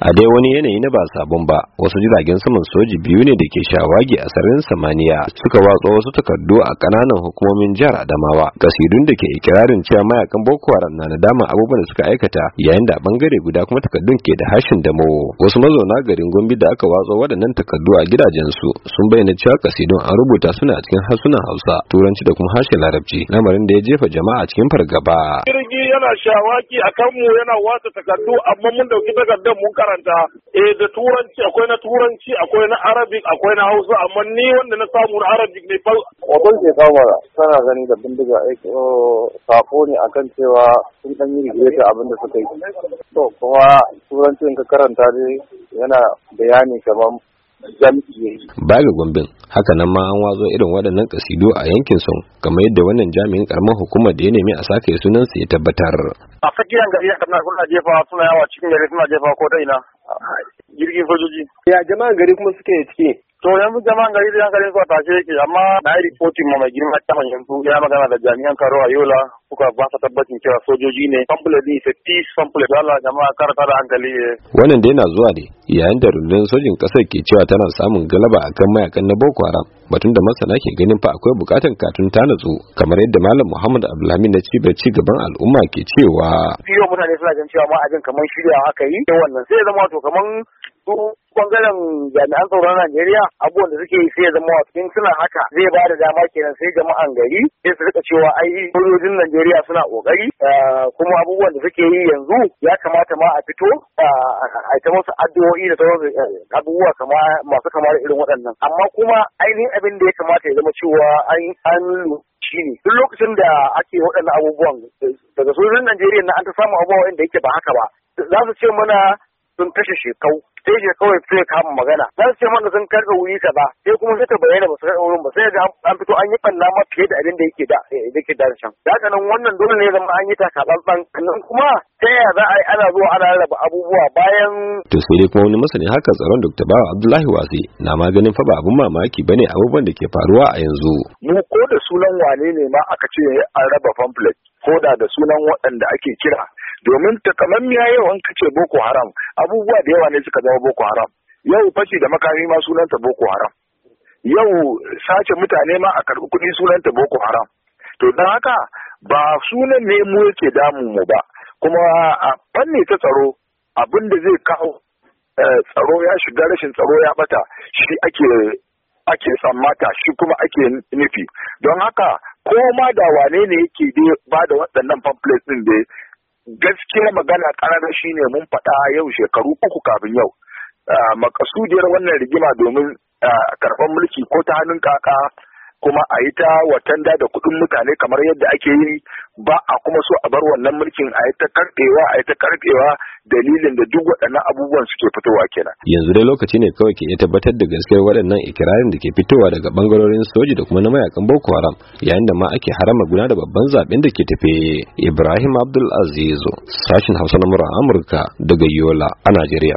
a dai wani yanayi na ba sabon ba wasu jiragen saman soji biyu ne da ke shawagi a sararin samaniya suka watsa wasu takardu a kananan hukumomin jihar adamawa kasidun da ke ikirarin cewa mayakan boko haram na nadama abubuwan da suka aikata yayin da bangare guda kuma takardun ke da hashin damo wasu mazauna garin gombe da aka watsa waɗannan takardu a gidajen su sun bayyana cewa kasidun an rubuta suna cikin harsunan hausa turanci da kuma harshen larabci lamarin da ya jefa jama'a cikin fargaba. jirgi yana shawaki a kanmu yana watsa takardu amma mun dauki takardun mun karanta eh da turanci akwai na turanci akwai na arabic akwai na hausa amma ni wanda na samu na arabic ne fa wato ke tana gani da bindiga aiki eh, eh, sako ne akan cewa sun dan yi rigeta abin da suka yi to kuma turancin ka karanta ne yana bayani kamar Baga gombin haka nan ma an wazo irin waɗannan ƙasidu a yankin sun kamar yadda wannan jami'in karamar hukumar da ya nemi a sake sunan su ya tabbatar. A tsakiyar gari haka nan kuna jefa suna yawa cikin gari suna jefa ko ta ina. Jirgin sojoji. Ya jama'an gari kuma suke ciki. To yanzu jama'an gari da yankalin su a tashe yake amma na yi rifotin ma mai girma ta yanzu ya magana da jami'an karo a Yola kuka ba tabbacin cewa sojoji ne pamphlet din sai peace pamphlet Allah jama'a kar da hankali eh. wannan da yana zuwa ne yayin da rundunar sojin kasar ke cewa tana samun galaba akan mayakan na Boko Haram batun da masana ke ganin fa akwai bukatan katun ta natsu kamar yadda malam Muhammad Abdullahi na cibiyar ci gaban al'umma ke cewa fiyo mutane suna jin cewa ma ajin kamar shirya aka yi wannan sai zama to kamar su bangaren jami'an tsaron Najeriya abubuwan da suke yi sai ya zama wasu suna haka zai ba da dama kenan sai jama'an gari sai su rika cewa ai sojojin Najeriya Najeriya suna kokari eh, kuma abubuwan da suke yi yanzu ya kamata ma a fito eh, a ta musu addu'o'i da sauran eh, abubuwa masu kamar irin waɗannan amma kuma ainihin abin da ya kamata ya zama cewa an shi ne duk lokacin da ake waɗannan abubuwan daga sojojin Najeriya na an ta samu abubuwa da yake ba haka ba za su ce mana sun kashe shekau sai ke kawai sai kama magana na su ce mana sun karɓe wuri kaza sai kuma sai bayyana ba su karɓe wurin ba sai ga an fito an yi ɓanna ma fiye da abin da yake da eh, yake da can da haka nan wannan dole ne zama an yi takatsantsan sannan kuma ta yaya za a yi ana zuwa ana rarraba abubuwa bayan. to sai dai kuma wani masani haka tsaron dr bawa abdullahi wasi na maganin fa ba abun mamaki ba bane abubuwan da ke faruwa a yanzu. mu ko da sunan wane ne ma aka ce an raba pamphlet ko da da sunan waɗanda ake kira domin takamammiya yau an kace boko haram abubuwa da yawa ne suka zama boko haram yau fashi da makami ma sunanta boko haram yau sace mutane ma a karɓi kuɗi sunanta boko haram to don haka ba sunan ne mu yake damu mu ba kuma a fanni ta tsaro abin da zai kawo eh, tsaro ya shiga rashin tsaro ya bata shi ake ake mata shi kuma ake nufi don haka ko ma da wane ne yake ba da waɗannan pamphlets ɗin da gaskiyar magana shi shine mun faɗa yau shekaru uku kafin yau ah, makasudiyar wannan rigima domin ah, karɓar mulki ko ta hannun kaka kuma a yi ta watanda da kuɗin mutane kamar yadda ake yi ba a kuma so a bar wannan mulkin a yi ta karɓewa a yi ta karɓewa dalilin da duk waɗannan abubuwan suke fitowa kenan. Yanzu dai lokaci ne kawai ke iya tabbatar da gaskiyar waɗannan ikirarin da ke fitowa daga bangarorin soji da kuma na mayakan Boko Haram yayin da ma ake harama guna da babban zaben da ke tafe Ibrahim Abdul azizu sashin Hausa na Amurka daga Yola a Najeriya.